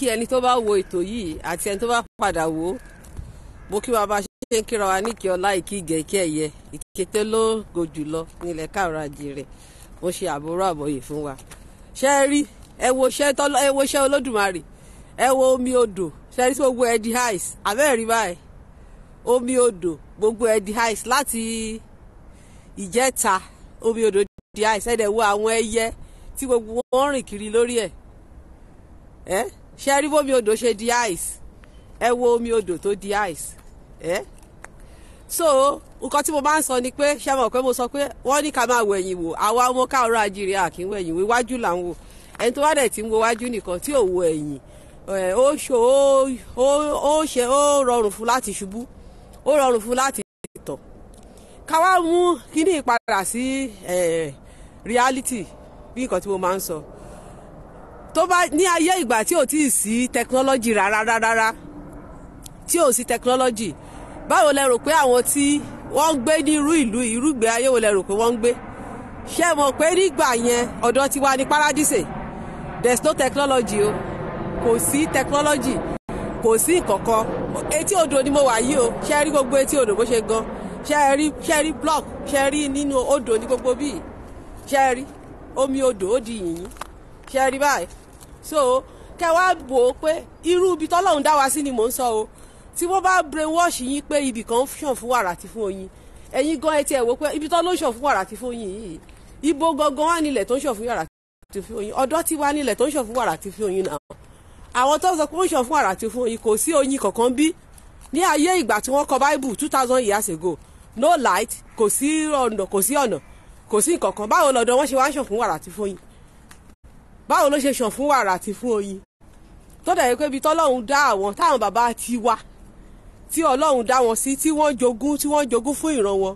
kí ẹni tó bá wo ètò yìí àti ẹni tó bá padà wò ó mo kí wa bá ṣe ń kíra wa ní kí ọlá ìkí ìgẹ̀ ìkí ẹ̀yẹ ìkété ló jùlọ nílẹ̀ káàrọ̀ àjèrè mo ṣe àbúrò àbọ̀yè fún wa ṣe ẹ wo iṣẹ́ tọ́lọ́ ẹ wo iṣẹ́ olódùmarè ẹ wo omi odò ṣe rí sí gbogbo ẹdí ice àbẹ́ẹ̀rí báyìí omi odò gbogbo ẹdí ice láti ìjẹta omi odò di ice ẹ̀ dẹ̀ wo àwọn ẹyẹ tí gbogbo wọn rìn kiri lórí ẹ̀ ẹ́ ṣe rí bómi odò ṣe di ice ẹ wo omi odò tó di ice ẹ so nǹkan tí mo máa ń sọ ni pé ṣe mọ̀ pé mo sọ pé wọ́n ní ká máa wẹ̀yìn wò àwa ọmọ káàárọ̀ àjíire àkín wẹ̀yìn wò iwájú là ń wò ẹni tó wá dẹ̀ ti ń wo iwájú nìkan tí ò wo ẹ̀yìn ó ṣe ó ṣe ó rọrùn fún láti ṣubú ó rọrùn fún láti tọ̀ ká wá mú kíní ìpadà sí reality bí nǹkan tí mo máa ń sọ. So tó bá ní ayé ìgbà tí ò tí ì sí tẹkinọ́lọ́jì rárá rárá tí ò sí tẹkinọ́lọ́jì báwo lẹ rò pé àwọn tí wọ́n ń gbé ní irú ìlú irúgbé ayé wo lẹ rò pé wọ́n ń gbé ṣé mọ̀ pé nígbà yẹn ọ̀dọ̀ tiwa ní paradise there is no technology o kò sí technology kò sí ìkọ̀kọ̀ etí odò ni mo wà yìí o ṣe rí gbogbo etí odò bó ṣe gan ṣe rí ṣe rí block ṣe rí nínú odò ní gbogbo bíi ṣe rí omi odò ó di yìnyín ṣe rí báyìí so kẹ wá wò ó pé irú ibi tọ́lọ́run dá wa sí ni mò ń sọ o tí wọ́n bá brain wash yín pé ibì kan ṣàn fún wàrà àti fún oyin ẹ̀yin gan ẹ tiẹ̀ wò pé ibi tọ́ ló ṣàn fún wàrà àti fún oyin yìí ibo gangan wà nílẹ̀ tó ń ṣàn fún wàrà àti fún oyin ọ̀dọ́ ti wà nílẹ̀ tó ń ṣàn fún wàrà àti fún oyin náà àwọn tó ń sọ pé ó ń ṣàn fún wàrà àti fún oyin kò sí oyin kankan bí ní ayé ìgbà tí wọ́n kọ bible two thousand years ago no light kò sí ọ̀nà kò sí ọ̀nà kò sí nǹkankan báwo lọ́dọ̀ wọ́n ṣe wá ń ṣàn fún wàrà àti fún oyin báwo ló ṣe ṣàn fún wàrà àti fún oyin tó dẹ̀ yẹ pé ibi tọ́lọ́run dá àwọn táwọn bàbá ti wà tí ọlọ́run dá wọn sí tí wọ́n jogún tí wọ́n jogún fún ìran wọn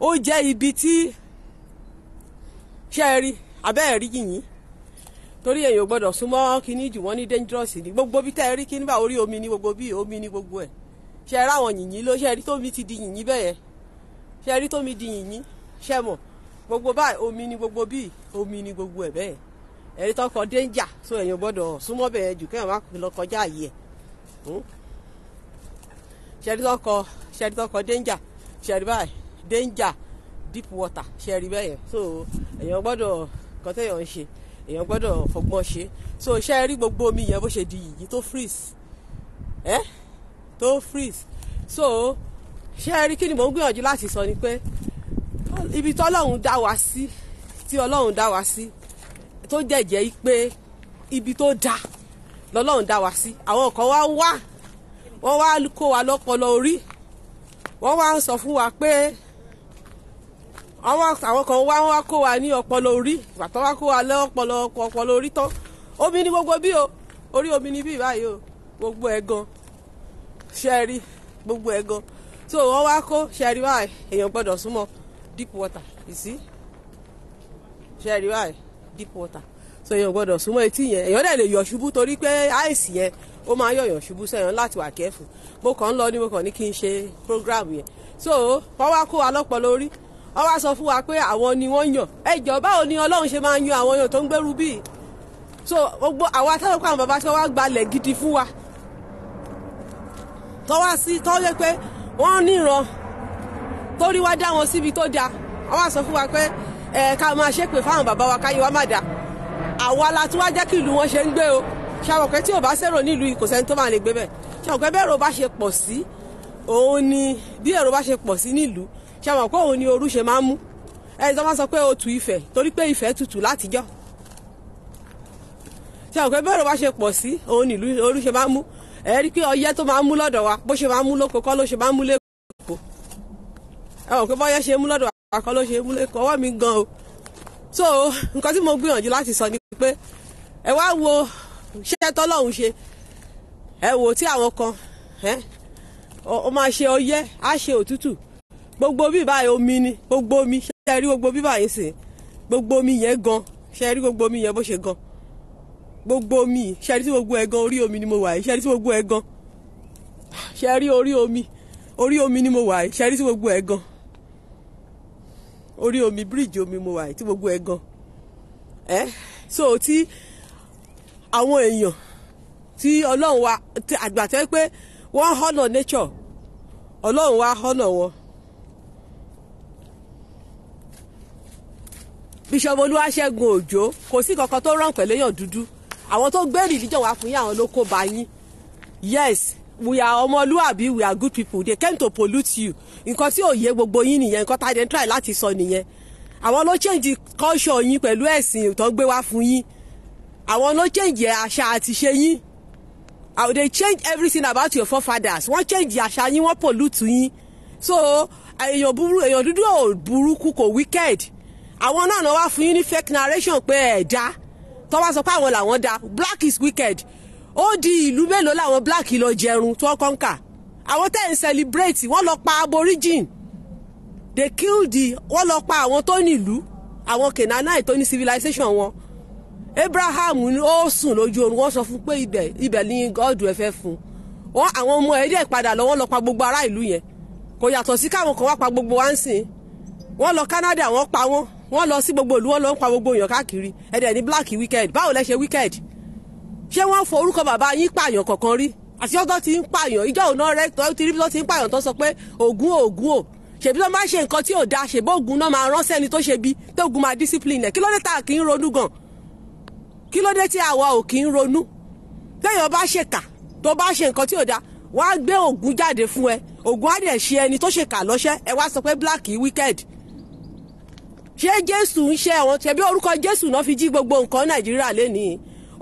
ó jẹ́ ibi tí ṣe rí abẹ́ rí yìnyín torí èèyàn gbọ́dọ̀ súnmọ́ kínní jù wọ́n ní dangerous ni gbogbo bí tẹ́ ẹ rí kínní bá orí omi ni gbogbo bí omi ni gbogbo ẹ̀ ṣe rí àwọn yìnyín ló ṣe rí tómi ti di yìnyín bẹ́ẹ̀ ṣe rí tómi di yìnyín ṣe mọ̀ gbogbo báyìí omi ni gbogbo bí omi ni gbogbo ẹ̀ bẹ́ẹ̀ ẹ̀rí tọkọ danger so ẹ̀yin gbọ́dọ̀ súnmọ́ bẹ̀rẹ̀ jù kẹ́hìn má lọ kọjá àyè ẹ̀ hmm? ṣẹ̀rí tọkọ ṣẹ̀rí tọkọ danger ṣẹ̀rí báyìí danger deep water ṣẹ̀rí bẹ́yẹn so ẹ̀yin gbọ́dọ̀ kọ́tẹ́yọ̀ ń ṣe èèyàn gbọ́dọ̀ fọgbọ́n ṣe so iṣẹ́ rí gbogbo omi yẹn bó ṣe di yìí tó freeze ẹ́ tó freeze so iṣẹ́ rí kí ni mò ń gbìyànjú láti sọ ni pé ibi tọ́lọ́run dá wa sí tí ọlọ́run dá wa sí tó jẹ̀jẹ̀ pé ibi tó dáa lọ́lọ́run dá wa sí àwọn kan wá wá wọ́n wá kó wa lọ́pọlọ orí wọ́n wá ń sọ fún wa pé àwọn kan wá wá kó wa ní ọpọlọ orí bàtọ́ wá kó wa lọ́pọlọ ọpọlọ orí tán omi ni gbogbo bí o orí omi ni bí báyìí o gbogbo ẹ̀ gan ṣe é rí gbogbo ẹ̀ gan so wọ́n wá kó ṣe é rí báyìí èèyàn gbọ́dọ̀ súnmọ́ deep water you see ṣe é rí báyìí deep water so èèyàn gbọ́dọ̀ súnmọ́ etí yẹn èèyàn dẹ̀ lè yọ̀ ṣubú torí pé àìsí yẹn ó máa yọ̀yàn ṣubú sẹ́yìn láti wà careful mo kàn ń lọ ni mo kàn ní kí n ṣe program yẹn so wọ́n wá kó wa lọ́pọ̀ lórí wọ́n wá sọ fún wa pé àwọn ni wọ́n yàn ẹ jọ báwo ni ọlọ́run ṣe máa yan àwọn èèyàn tó ń gbẹ́rú bíi so gbogbo àwọn atẹ́wọ́n kọ́ àwọn bàbá tí wọ́n wá gbalẹ̀ gidi fún wa tọ́wá sí tọ́wọ́ pé wọ́n níran torí wá dá wọn síbi tó dáa wọ́n wá sọ fún wa pé ká máa ṣépè fáwọn bàbá wa káyé wa má dà àwa la tún wá jẹ́ kí ìlú wọn ṣe ń gbé o ṣàwọ̀pẹ́ tí ò bá sẹ̀rò nílùú yìí kò sẹ́ni tó máa lè gbé bẹ̀ ṣàwọ̀pẹ́ bẹ́ẹ̀ èrò bá ṣe pọ̀ sí òun ni bí èrò bá ṣe pọ̀ sí nílùú ṣàwọ̀pẹ́ òun ni ooru ṣe máa ń mú ẹni tó máa sọ pé o tù Ifẹ̀ torí pé Ifẹ̀ tutù látijọ́ ṣàwọ̀pẹ́ bẹ́ẹ̀ èrò bá ṣe pọ̀ sí òun ni ooru ṣe máa mú ẹ rí pé ọyẹ́ tó máa mú lọ́dọ̀ wa bó ṣe máa mú lóko kọ́ ló ṣe máa mú lẹ́kọ̀ọ́ àkọ́ ló ṣe múlẹ̀ mi gan o so nǹkan tí mo gbìyànjú láti sọ ni pé ẹ wá wo ṣẹ́ tọ́lọ́hún ṣe ẹ wò tí àwọn kan ó máa ṣe ọyẹ́ á ṣe òtútù gbogbo bíbá yẹn omi ni gbogbo omi ṣe rí gbogbo bíbá yẹn sìn gbogbo omi yẹn gan ṣe rí gbogbo omi yẹn bó ṣe gan gbogbo omi ṣe rí tí gbogbo ẹ gan orí omi ni mo wà yìí ṣe rí tí gbogbo ẹ gan ṣe rí orí omi orí omi ni mo wà yìí ṣe rí tí gbogbo ẹ gan orí omi bíríìjì omi mo wà tí gbogbo ẹ̀ gan ẹ́ so ti àwọn èèyàn tí ọlọ́run wa àgbàtẹ́ pé wọ́n honour nature ọlọ́run wa honour wọn. bíṣọ́bù olúwaṣẹ́gun òjò kò sí kankan tó rán pẹ̀lẹ́yàn dúdú àwọn tó gbẹ́rì níjọba fún yín àwọn ló kó bá yín yes we are ọmọlúwàbí we are good people they came to pollute you nǹkan tí ò yé gbogbo yín nìyẹn nǹkan tá a dẹ̀ ń try láti sọ nìyẹn àwọn ló change culture yín pẹ̀lú ẹ̀sìn tó ń gbé wá fún yín àwọn ló change àṣà àti ṣe yín they change everything about your forefathers wọ́n change àṣà yín wọ́n pollute yín so èèyàn burú èèyàn dúdú ò burúkú kò wicked àwọn náà náà wá fún yín ní fake narration pé ẹ̀ dá tọ́wọ́ sọ pé àwọn làwọn dá black is wicked ó di ìlú mélòó làwọn black lọ jẹrun tí wọ́n kàn kà àwọn tẹ́ ń celebrate wọ́n lọ pa aborigine they killed the wọ́n lọ pa àwọn tó nílùú àwọn Kènánì tó ní civilization wọn Abraham ó sùn lójú oorun wọ́n sọ fún pé ibẹ̀ ibẹ̀ ní God ẹ fẹ́ fún wọn àwọn ọmọ ẹ̀ dẹ̀ padà lọ wọ́n lọ pa gbogbo ará ìlú yẹn kò yàtọ̀ sí káwọn kan wá pa gbogbo wa ń sìn wọ́n lọ Canada wọ́n pa wọ́n wọ́n lọ sí gbogbo ìlú wọ́n lọ ń pa gbogbo èèyàn káàkiri ẹ̀dẹ̀ ní black wicked báwo lẹ ṣe wicked ṣé wọ́n fọ orúkọ bàbá yín pààyàn kankan rí àti ọ̀dọ́ ti ń pààyàn ìjọ òun náà rẹ́tọ́ ti rí bí wọ́n ti ń pààyàn tó sọ pé ògún ògún o ṣèbí tó máa ṣe nǹkan tí ò dáa ṣèbí ògún náà máa ránṣẹ́ ni tó ṣe bí tó ògún máa discipline ẹ̀ kí ló dé tá a kì í ronú gan kí ló dé tí àwa ò kì í ronú téèyàn bá ṣèkà tó bá ṣe nǹkan tí ò dáa wàá gbé ògún jáde fún ẹ ògún á dẹ̀ ṣe ẹni tó ṣèkà lọ́ṣẹ́ ẹ wá sọ pé black wicked ṣé jésù ń ṣe àwọn ṣẹbí orúkọ jésù náà fi jí gbogbo nǹkan nàìjíríà lénìí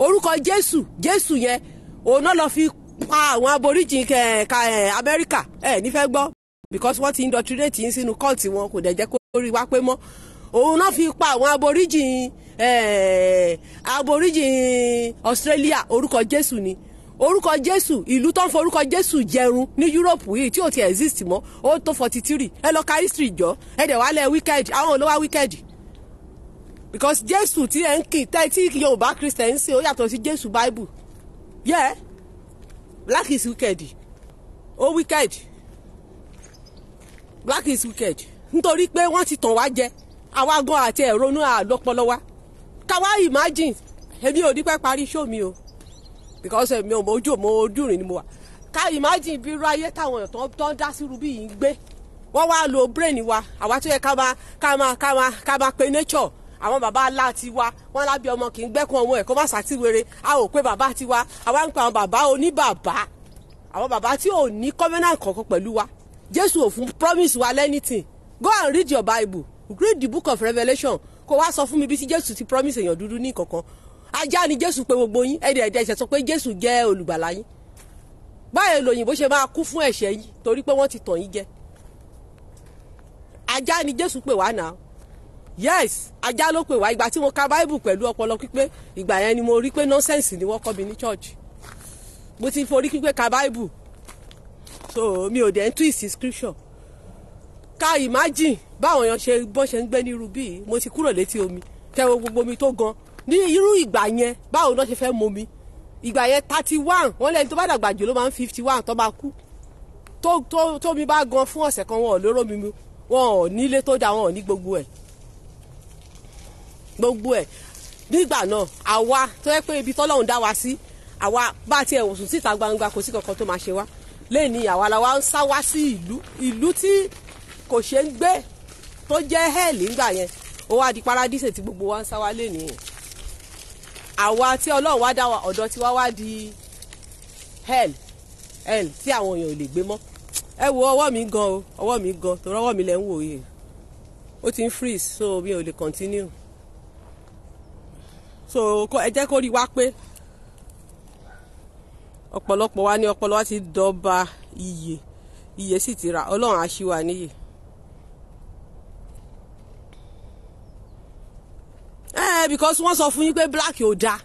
orúkọ jésù jésù yẹn òun náà lọ fi pa àwọn aborigin ka ẹ̀ amẹ́ríkà ẹ̀ nífẹ̀ẹ́ gbọ́ because wọ́n ti indoctrinate yín sínú kọ́ọ̀tì wọn kò dẹ̀ jẹ́ kó rí wá pé mọ́ òun náà fi pa àwọn aborigin eh, aborigin australia orúkọ jésù ni orúkọ jésù ìlú tó ń forúkọ jésù jẹrun ní europe yìí tí ò ti exist mọ́ ó tó forty three ẹ lọ ka history jọ ẹ dẹ̀ wálẹ̀ wicked àwọn olówó wicked because jésù tí ẹ ń kì tẹ́ tí yorùbá christian ṣe ó yàtọ̀ sí jésù bible yeah black is wicked ó oh, wicked black is wicked nítorí pé wọ́n ti tàn wá jẹ àwa gan àti ẹ̀rọnú àlọ́pọ̀lọ́ wa káwa imagine èmi ò ní pẹ́ parí show mi o because èmi ò mọ ojú òmò ni mo wà ká imagine bí irú ayé táwọn èèyàn tó ń dá sírú bí yìí ń gbé wọ́n wá lo brain wa àwa tó yẹ ká máa ká máa ká máa ká máa pe nature àwọn Baba ńlá ti wá wọn lábí ọmọ kì í gbẹ́kún ọmọ ẹ̀ kó má sàtìwéré a ò pé bàbá ti wá àwa ń pa àwọn Baba. oníbàbá àwọn Baba tí ò ní covenant kankan pẹ̀lú wa Jésù ò fún promise wa anything go and read your Bible read the book of Revelation kó wá sọ fún mi bí tí Jésù ti promise èèyàn dúdú ní kankan ajá ni Jésù pé gbogbo yín ẹ̀dẹ̀ ẹ̀dẹ̀ ẹ̀ṣẹ̀ sọ pé Jésù jẹ́ olùgbàlà yín báyìí lòyìnbó ṣe máa kú fún ẹ̀ṣẹ̀ yìí torí pé wọ́n ti tàn yín jẹ ajá ni Jésù pè wá náà yes ajá ló pè wá ìgbà tí mo ka bible pẹ̀lú ọpọlọ pípé ìgbà yẹn ni mo rí pé nonsense ni wọ́n kọ́ mi ní church mo ti forí pípé ka bible so mi ò dẹ̀ ń twist scripture ka imagine báwọn èèyàn ṣe bọ́ ṣe ń gbé ní irú bíi mo ti kúrò létí omi kẹwọ gbogbo omi tó gan ní irú ìgbà yẹn báwo náà ṣe fẹ́ mọ mi ìgbà yẹn thirty one wọ́n lẹ́ni tó bá dàgbà jù ló máa ń fifty one tó bá kú tó tó mi bá gan fún ọ̀sẹ̀ kan wọn ò lóró mi wọn ò nílé tó dá wọn ò ní gbogbo ẹ̀ gbogbo ẹ̀ nígbà náà àwa tó yẹ pé ibi tọ́lọ́run dá wa sí àwa bá tiẹ̀ wòsùn síta gbangba kò sí kankan tó máa ṣe wá lẹ́ẹ̀ni àwa la wa ń sá wá sí ìlú ìlú tí kò ṣe ń gbé tó jẹ́ hẹ́ẹ̀lì ńgbà yẹn ó wá di paradíṣe tí gbogbo wa ń sá wá lẹ́ẹ̀ni yẹn àwa tí ọlọ́run wá dá wa ọ̀dọ̀ tiwa wá di hell hell tí àwọn èèyàn ò lè gbé mọ́ ẹ wo ọwọ́ mi gan ọwọ́ mi gan torí ọwọ́ mi lẹ ń wòye o ti ń freeze so mi ò lè continue so ẹ jẹ́ kó rí wa pé ọ̀pọ̀lọpọ̀ wa ní ọpọlọ wa ti dọ́ba iyè iyè sì ti ra ọlọ́run á níyì. ẹ because wọ́n sọ fún yín pé black ò dáa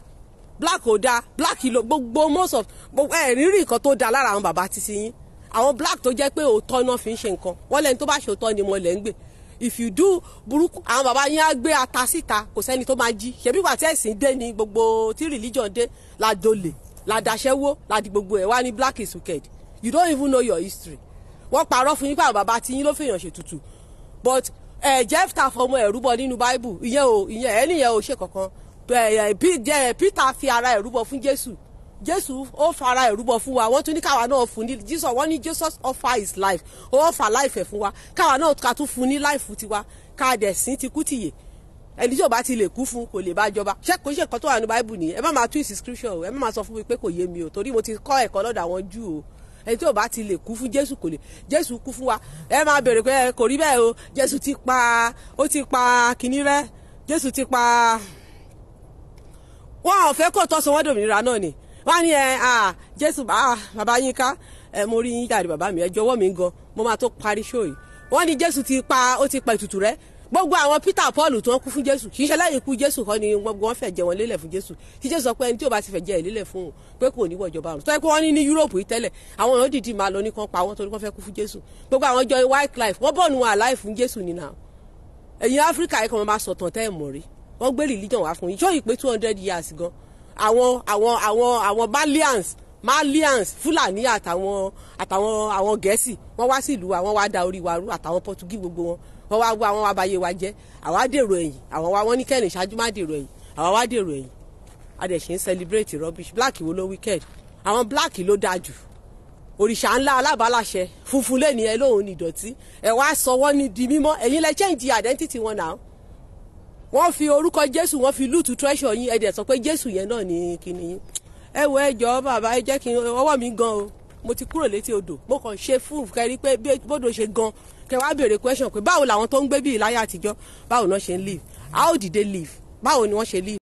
black ò dáa black ló gbogbo most of gbogbo ẹ rírì nǹkan tó dáa lára àwọn bàbá títí yín àwọn black tó jẹ́ pé òótọ́ náà fi ń ṣe nǹkan wọ́n lẹ́ni tó bá ṣe òótọ́ ni mo lẹ́ ń gbè if you do burúkú àwọn bàbá yín á gbé ata síta kò sẹ́ni tó máa jí ṣebí wà ẹ̀sìn dé ni gbogbo tí religion dé la dolè la daṣẹ́wó la di gbogbo ẹ̀ wá ní black is wicked you don't even know your history wọ́n parọ́ fún yín pé àwọn bàbá tí yín ló fèèyàn ṣètùtù but ẹ̀ jẹ́fta fọmọ ẹ̀ rúbọ nínú bible ìyẹn ò ìyẹn ẹ̀ nìyẹn ò ṣe kankan peter fi ara ẹ̀ rúbọ fún jésù jésù ó fara ìrúbọ fún wa wọ́n tún ní káwa náà fún ní jesus wọ́n ní jesus offer his life ó offer life ẹ̀ fún wa káwa náà ká tún fún ní life tiwa ká dẹ̀ sí ti kú tìyè ẹni tí ò bá ti lè kú fún kò lè bá jọba ṣé kò ṣe nǹkan tó wà ní báíbù nìyẹn ẹ má máa twist scripture o ẹ má máa sọ fún mi pé kò yé mi o torí mo ti kọ́ ẹ̀kọ́ lọ́dọ̀ àwọn jù o ẹni tí ò ti lè kú fún jésù kò lè jésù kú fún wa ẹ máa bèrè pé kò rí bẹ́ẹ̀ o jésù ti pa ó ti pa kinní rẹ jésù ti pa wọn ò fẹ́ kó tọ́sọ wọn dòmìnira náà ni wọ́n á ní ẹ eh, jésù bàbá yín ká ẹ eh, mo rí yín jáde bàbá mi ẹ jọ̀wọ́ mi gan mo máa tó parí ṣó yìí wọ́n ní jésù ti pa ó ti pa ètùtù rẹ̀ gbogbo àwọn peter paul tó ń kú fún jésù kì í ṣe lẹ́yìn ikú jésù kọ́ ni gbogbo wọn fẹ́ jẹ wọn lélẹ̀ fún jésù tí jésù sọ pé ẹni tí ò bá ti fẹ́ jẹ ẹ̀ lélẹ̀ fún un pé kò ní wọ ìjọba ọ̀run tó yẹ kó wọ́n ní ní yúróòpù yìí tẹ́lẹ̀ àwọn èèyàn dìdí máa lọ ní kan pa wọ́n torí wọ́n fẹ́ kú fún jésù gbogbo àwọn jọ white life wọ́n bọ̀nù wọn àláì fún jésù nínà ẹ̀yin áfíríkà yìí kan máa sọ̀tàn tẹ́ ẹ̀ mọ̀ rí wọ́n gbé religion wá fún yín ṣó two hundred years gan àwọn àwọn àwọn àwọn Malians Malians Fúlàní àtàwọn àtàwọn àwọn Gẹ̀ẹ́sì wọ́n wá sílùú àwọn wá da orí wa rú àtàwọn Pọ́tugí gbogbo wọn wọ́n wá wá àwọn wá bayé wa jẹ́ àwa dèrò ẹ̀yìn àwọn wá wọ́n ní kẹ́ni ṣáájú má dèrò ẹ̀yìn àwa wá dèrò ẹ̀yìn a dẹ̀ ṣe ń celebrate rubbish black wo ló wicked àwọn black ló dáa jù òrìṣà ńlá alábàáláṣẹ funfun lẹ́nìí ẹ lóhùn ní ìdọ̀tí ẹ wá sọ wọ́n ní di mímọ́ ẹ̀yin lẹ change identity wọn náà wọ́n fi orúkọ jésù wọ́n fi lùtù treasure yín ẹ̀dẹ̀ sọ pé jésù yẹn náà ní kinní yín ẹ wo ẹ jọ bàbá ẹ jẹ́ kí ọwọ́ mi gan o mo ti kúrò létí odò mo kàn ṣe fún kẹrí pé bódò ṣe gan kẹ wá béèrè question pé báwo làwọn tó ń gbé bíi láyé àtijọ́ báwo náà ṣe ń live how did they live báwo ni wọ́n ṣe live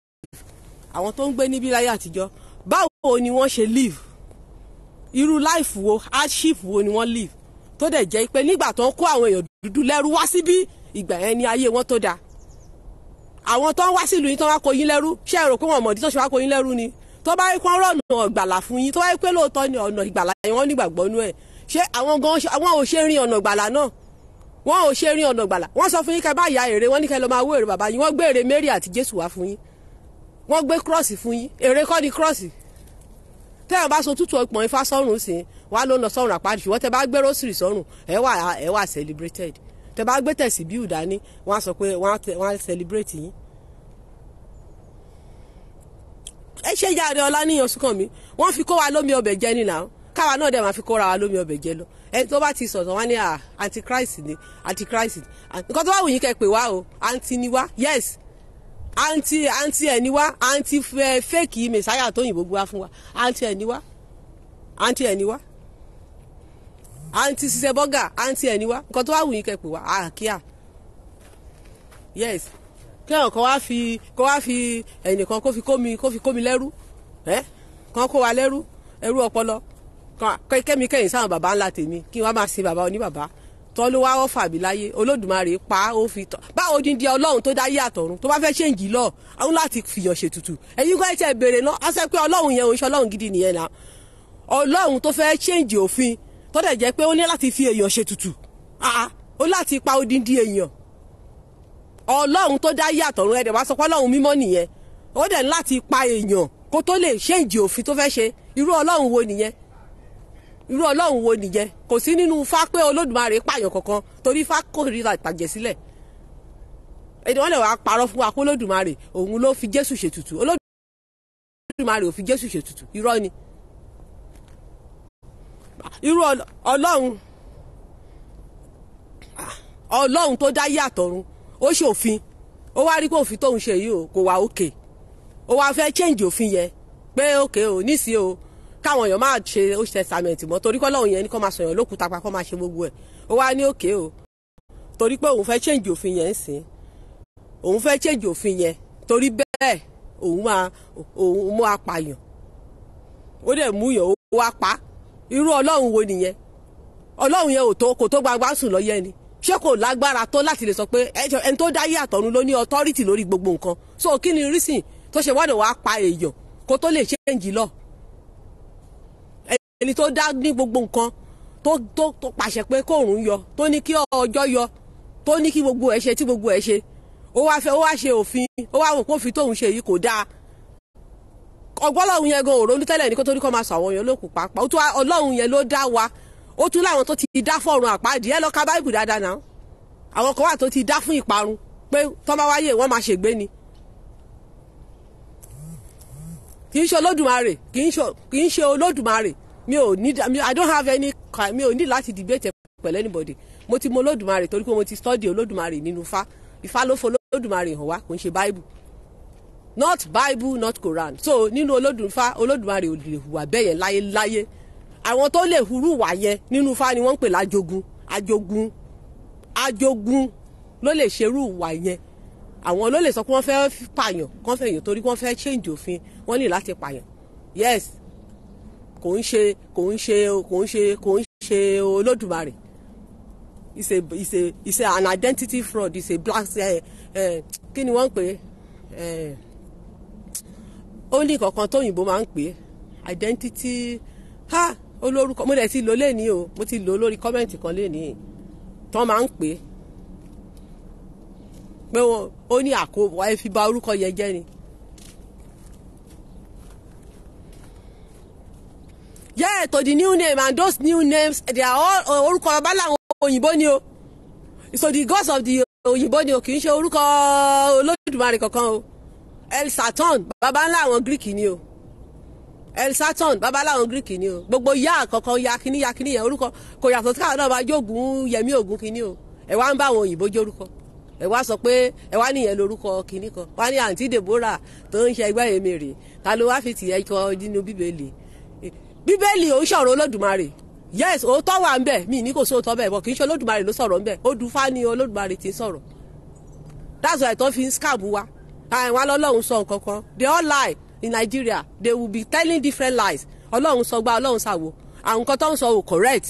àwọn tó ń gbé níbí láyé àtijọ́ báwo ni wọ́n ṣe live irú life wo hardship wo ni wọ́n live tó dẹ̀ jẹ́ pé nígbà tó ń kó àwọn èèyàn dúdú lẹ́rú wá síbí ìgbà yẹn ni ayé wọn tó dáa àwọn tó ń wá sílùú yín tó ń wá kó yín lẹ́rú ṣé ẹ rò pé wọn mọ̀ ní tó ṣe wá kó yín lẹ́rú ni tó bá rí pọ́n rọ̀nà ìgbàlà fún yín tó bá rí pé lóòótọ́ ni ọ̀nà ìgbàlà yẹn wọ́n nígbàgbọ́ nú ẹ̀ ṣé àwọn gan àwọn ò ṣe rin ọ̀nà ìgbàlà náà wọn ò ṣe rin ọ̀nà ìgbàlà wọ́n sọ fún yín kẹ́ bá ya èrè wọ́n ní kẹ́ lọ máa wó èrè bàbá yín wọ́n gbé èrè Mary àti Jésù wá fún yín wọ́n gbé kírọ́ọ̀sì fún yín èrè kọ́ ni kírọ́ọ̀sì tẹ́yàn bá so tútù ọpọ̀n ifá sọ́run sí wàá ló ń lọ sọ́run àpáàdì ṣùgbọ́n tẹ́ bá gbé rósìrì sọ́run ẹ wà ẹ wà celebrated tẹ bá gbé tẹ̀sí bíù dání wọ́n á sọ pé wọ́n á celebrate yín. ẹ ṣe jàre ọlá níyàn sùkàn mi wọ́n fi kó wa lómi ọbẹ̀ jẹ nínà káwa náà dẹ̀ máa fi kóra wa lómi ọbẹ̀ jẹ lọ ẹni tó bá ti sọ̀tàn wá ní ah, antichrist ni antichrist nǹkan tó bá wù yín kẹ́ pè wá o anti ni wá yes anti anti ẹ̀ ni wá anti fake messiah tó yìnbó gbé wá fún wa anti ẹ̀ ni wá anti ẹ̀ ni wá àǹtí ṣiṣẹ́ bọ́gà àǹtí ẹ̀ ní wá nǹkan tó wà wù yín kẹ́ pè wá àkíyà ah, yes kẹ́hàn kan wá fi kan wá fi ẹnìkan kó fi kó mi kó fi kó mi lẹ́rú ẹ́ kan kó wa lẹ́rú ẹrú ọpọlọ kẹ́mi kẹ́yìn sáwọn baba ńlá tèmi kí wọ́n máa sin baba oníbàbá tọ́ ló wá ọ̀fà mi láyé olódùmarè pa ó fi tọ́ báwo ni di ọlọ́run tó dáyé àtọ̀run tó bá fẹ́ ṣe ń jì lọ àwọn láti fìyàn ṣètùtù ẹ̀yin kọ́ ẹ̀ tẹ́ béèrè náà ọ̀sẹ̀ pé ọlọ́run yẹn oṣù ọlọ́run gidi nìyẹn náà ọlọ́run tó fẹ́ ṣe ń jì òfin tọ́dẹ̀ jẹ́ pé ó ní láti fi èèyàn ṣe tutù ah, ó láti pa odindi èèyàn ọlọ́run tó dá yàtọ̀ ọ̀run ẹ̀dẹ̀ wá sọ pé ọlọ́run mímọ́ nìyẹn ó dẹ̀ láti pa èèyàn kó tó lè ṣéǹjì òfin tó fẹ́ ṣe irú ọlọ́run wo nìyẹn irú ọlọ́run wo nìyẹn kò sí nínú fá pé olódùmarè pààyàn kankan torí fá kórìíra ìtàjẹ̀ sílẹ̀ èdè wọn lè wá parọ́ fún wa pé olódùmarè òun ló fi jésù ṣètùtù olódùmarè ò fi jésù ṣètùtù irọ́ ni irú ọlọ́run ah, ọlọ́run tó dá yé àtọ̀run ó ṣòfin ó wá rí pé òfin tóun ṣe yìí o kò wá òkè ó wá fẹ́ change òfin yẹn pé òkè o nísìí o káwọn èèyàn máa ṣe ó ṣe testament mọ́ torí pé ọlọ́run yẹn ni kó máa sọ̀yàn lókùúta pa kó máa ṣe gbogbo ẹ̀ ó wá ní òkè o torí pé òun fẹ́ change òfin yẹn ń sìn òun fẹ́ change òfin yẹn torí bẹ́ẹ̀ òun máa òun mú apààyàn ó dẹ̀ mú yàn ó wá pa á irú ọlọ́run wo nìyẹn ọlọ́run yẹn ò tó kò tó gbagba sùn lọ́yẹ́ ni ṣé kò lágbára tó láti lè sọ pé ẹni tó dáyé àtọ̀run ló ní authority lórí gbogbo nǹkan so kí ni reason tó ṣe wọ́n wá pa èèyàn kó tó lè change law ẹni tó dá ní gbogbo nǹkan tó tó tó pàṣẹ pé kóòrùn yọ tó ní kí ọjọ́ yọ tó ní kí gbogbo ẹ̀ ṣe tí gbogbo ẹ̀ ṣe ó wá fẹ́ ó wá ṣe òfin ó wá wò kófin tóun ṣe yìí kò dáa ọgbọ́lọ́hun yẹn gan òrò olútẹ́lẹ̀ ní kó torí kó máa sọ àwọn èèyàn lókùn pàápàá ó tún ọlọ́hun yẹn ló dá wa ó tún láwọn tó ti dá fọ̀run àpáàdì ẹ lọ ka báìbù dáadáa náà àwọn kan wà tó ti dá fún ìparun pé tó bá wáyé wọ́n máa ṣègbé ni kì í ṣe olódùmarè kì í ṣe olódùmarè mi ò ní i don't have any mi ò ní láti debate pẹ̀lú anybody mo ti mọ olódùmarè torí pé mo ti study olódùmarè nínú ifá ifá ló fọ olódùmarè hàn wá kò ń ṣe báìbù not bible not quran so nínú olódùnfá olódùmarè ò lè hùwà bẹ́ẹ̀ yẹn láyéláyé àwọn tó lè hurú wà yẹn nínú fá ni wọ́n ń pè lájogun ajogun ajogun ló lè ṣerú wà yẹn àwọn ló lè sọ pé wọ́n fẹ́ pààyàn kán fẹ́ yàn torí wọ́n fẹ́ change òfin wọ́n ní láti pààyàn yes kò ń ṣe kò ń ṣe kò ń ṣe kò ń ṣe olódùmarè it's a it's a it's a an identity fraud it's a black uh, uh, kí ni wọ́n ń pè é. Uh, Only ní kankan tóyìnbó máa ń pè identity ha olórúkọ mo dẹ̀ ti lò lẹ́ni o mo ti lò lórí kọ́mẹ̀ntì kan lẹ́ni tán máa ń pè é pé wọn ó ní àkóbọ ẹ fi bà orúkọ yẹn jẹ́ ni. yeah to the new name and those new names they are all orúkọ ọba làwọn òyìnbó ni o so the gods of the òyìnbó ni o kì í ṣe orúkọ Olódùmarè kankan o el saturn baba ńlá àwọn greek ni o el saturn baba ńlá àwọn greek ni o gbogbo ya kankan ya kini ya kini yẹn orúkọ kò yàtọ̀ sí káwọn náà máa jógun yẹmí ògùn kini o ẹ wá ń bá àwọn òyìnbó jórúkọ ẹ wá sọ pé ẹ wá nìyẹn lórúkọ kini kan wá ní àǹtí deborah tó ń ṣe ẹgbẹ́ èmi rè ta ló wá fi tìyẹ kọ nínú bíbélì bíbélì ò ń sọ̀rọ̀ olódùmarè yes òótọ́ wà ń bẹ̀ mí ní kò sóòótọ́ bẹ̀ bọ̀ kì í ṣe olódùmarè ló sọ̀rọ̀ ń bẹ̀ ó dùn fáni olódùmarè ti sọ̀rọ̀ that's why tó fi ń scab wa àwọn alọ́lọ́run sọ nǹkan kan they all lie in Nigeria they will be telling different lies ọlọ́run sọ gba ọlọ́run ṣàwò àwọn nǹkan tó ń sọ correct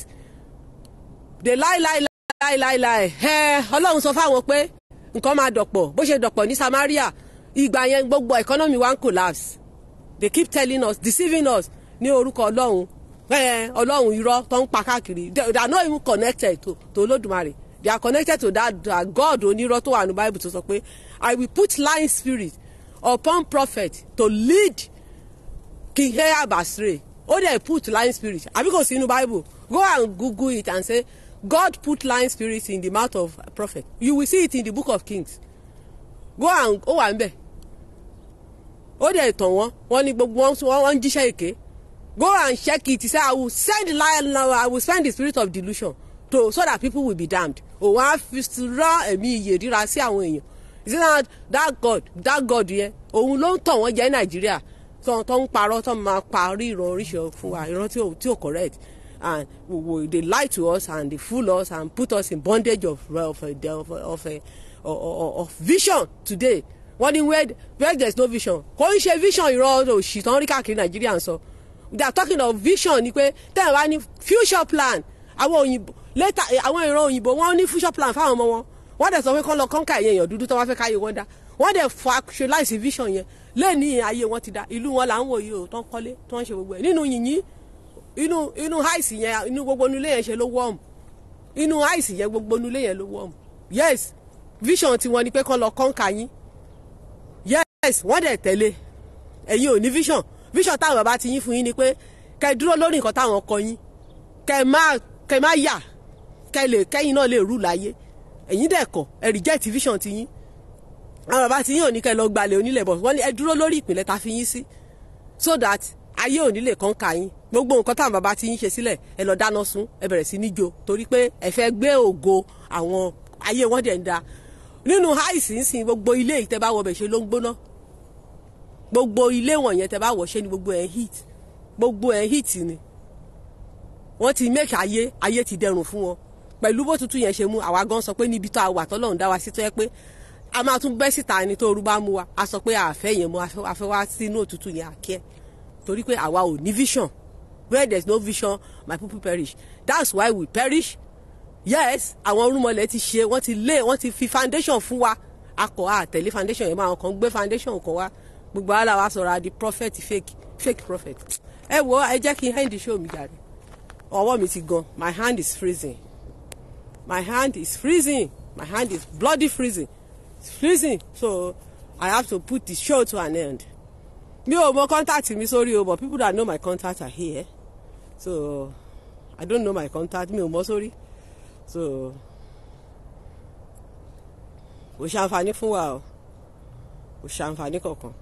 they lie lie lie lie lie ẹ eh, ọlọ́run sọ fáwọn pé nǹkan máa dọ̀pọ̀ bó ṣe dọ̀pọ̀ ní Samaria ìgbà yẹn gbogbo economy wa ń collapse they keep telling us deceiving us ní orúkọ ọlọ́run eh, ọlọ́run irọ́ tó ń pa káàkiri they are not even connected to to Olódùmarè they are connected to that, that God onírọ́ tó wà bible tó sọ pé I will put lying spirit upon prophet to lead King Ahab astray ó dẹ̀ put lying spirit àbí kò sí inú bible go and google it and say God put lying spirit in the mouth of prophet you will see it in the book of Kings go and ó wà ń bẹ̀ ó dẹ̀ tàn wọ́n wọ́n ní gbogbo wọn wọ́n ń jíṣẹ́ èké go and check it say I will send lying I will send the spirit of delusion to so that people will be damned òun á fi rán ẹ̀mí iyè ríra sí àwọn èèyàn is it not that god that god yẹn òun ló ń tàn wọ́n jẹ nàìjíríà tó tó ń parọ́ tó máa parí ìran oríṣi fún wa ìran tí ò tí ò correct and they lie to us and they fool us and put us in bondage of of of of, of, of vision today wọ́n ní where where there is no vision kò ń ṣe vision ìran òṣì tó ń rí káàkiri nàìjíríà ń sọ they are talking of vision ni pé tẹ́lẹ̀ wá ní future plan àwọn òyìnbó later eh, àwọn ìran òyìnbó wọn ní future plan fáwọn ọmọ wọn wọ́n dẹ̀ sọ pé kọ́ lọ kọ́ńkà ẹ̀yẹ èèyàn dúdú tó wá fẹ́ káyé wọn dá wọ́n dẹ̀ actualize vision yẹn lẹ́ẹ̀ni ayé wọn ti dá ìlú wọn là ń wò yìí o tó ń kọ́lé tó ń ṣe gbogbo ẹ̀ nínú yìnyín inú inú àìsí yẹn inú gbogbo inú ilé yẹn ṣe ló wọ́ọ̀mù inú àìsí yẹn gbogbo inú ilé yẹn ló wọ́ọ̀mù yes vision tiwọn ni pé kọ́ lọ kọ́ńkà yín yes wọ́n dẹ̀ tẹ̀lé ẹ̀yin ò ní vision vision táwọn bàbá ti yín fún yín ni pé kẹ́ dúró lórí nǹkan táwọn kọ yín kẹ́ má kẹ́ má yà kẹ́lẹ̀ kẹ́yìn náà lè rú láyé ẹ̀yin dẹ̀ kọ̀ ẹ reject vision àwọn bàbá ti yín kẹ́ lọ gbalẹ̀ onílẹ̀ bọ̀ wọ́n ní ẹ dúró lórí ìpìlẹ̀ ta fi yín sí so that ayé òní lè kàn ká yín gbogbo nǹkan táwọn bàbá ti ṣe sílẹ̀ ẹ lọ dáná sun ẹ bẹ̀rẹ̀ sí níjó torí pé ẹ fẹ́ gbé ògo àwọn ayé wọn dẹ̀ ń da nínú háìsì ń sin gbogbo ilé yìí tẹ́ bá wọ bẹ̀ ṣe ló ń gbóná gbogbo ilé wọ̀nyẹn tẹ́ bá wọ̀ ṣe ni gbogbo ẹ̀ heat gbogbo ẹ̀ heat ni wọ́n ti make ayé ayé ti dẹrùn fún wọn pẹ̀lú bó tutù yẹn ṣe mú àwa gan sọ pé níbi tó a wà tọ́lọ́run dá wa sí tó yẹ pé a máa tún bẹ́ síta ni tó orú bá mú wa a sọ pé àfẹ́ yẹn mú afẹ́ wá sínú òtútù yẹn àkẹ́ torí pé àwa ò ní vision where there is no vision my people perish that's why we perish yes àwọn orúmọlẹ̀ ti ṣe wọ́n ti lé wọ́n ti fi foundation fún wa akọ̀ àtẹ̀lé foundation yẹn máa kàn gbé foundation kan wá gbogbo ara wa sọ̀rọ̀ àdí prophet fake fake prophet ẹ wo ẹ jẹ́ kí hand show mi jàre ọwọ́ mi ti gan my hand is freezing my hand is freezing my hand is bloody freezing it's freezing so i have to put the show to an end mi ò mọ contact mi sórí o but people that know my contact are here so i don't know my contact mi ò mọ sórí so kò ṣàǹfààní fún wa o kò ṣàǹfààní kankan.